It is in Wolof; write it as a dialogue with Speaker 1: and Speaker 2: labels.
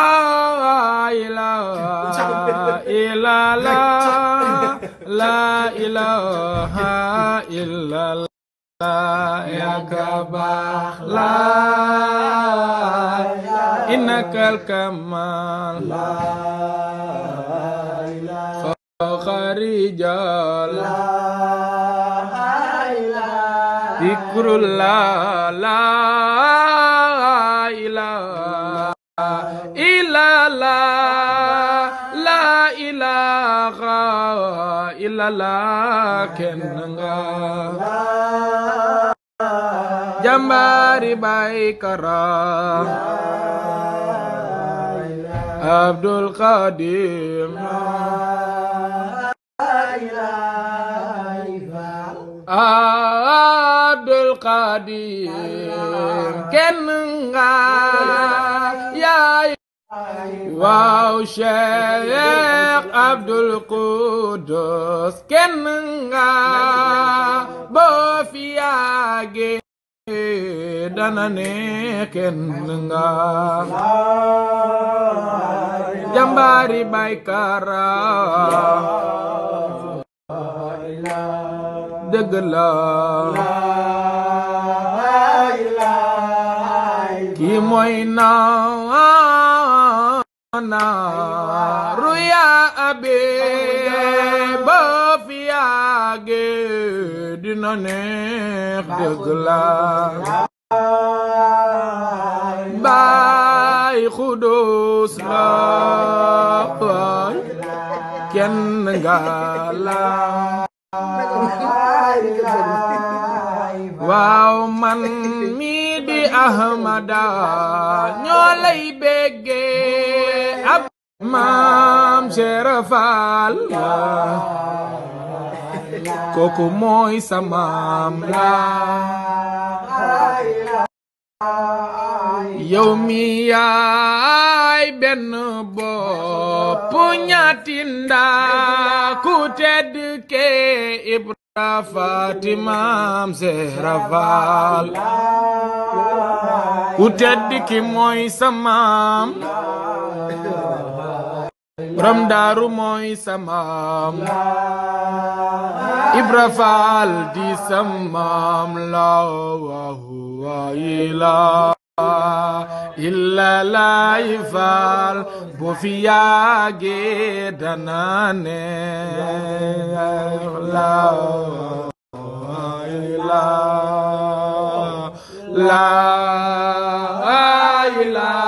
Speaker 1: la ilaha illallah ya kabah la innakal kamal la ilaha kharijal la ilaha zikrullah la ilaha la la la ilaha illa waaw Cheikh Abdul Quddus kenn nga fi yàggee dana ne kenn nga jàmbaari baykara dëgg la mooy naaw naaru yaa man mi di ahmada ñoo lay béggee kooku mooy sa maam yow mi yaay benn bopp ñaati ku tedd ke yaa Faatimaam Zehra Faal ku tedd ki mooy sa maam borom daaru mooy sa maam Ibra Faal di sa maam la wa huwa ilaa illa laay bu fi yàggee dana ne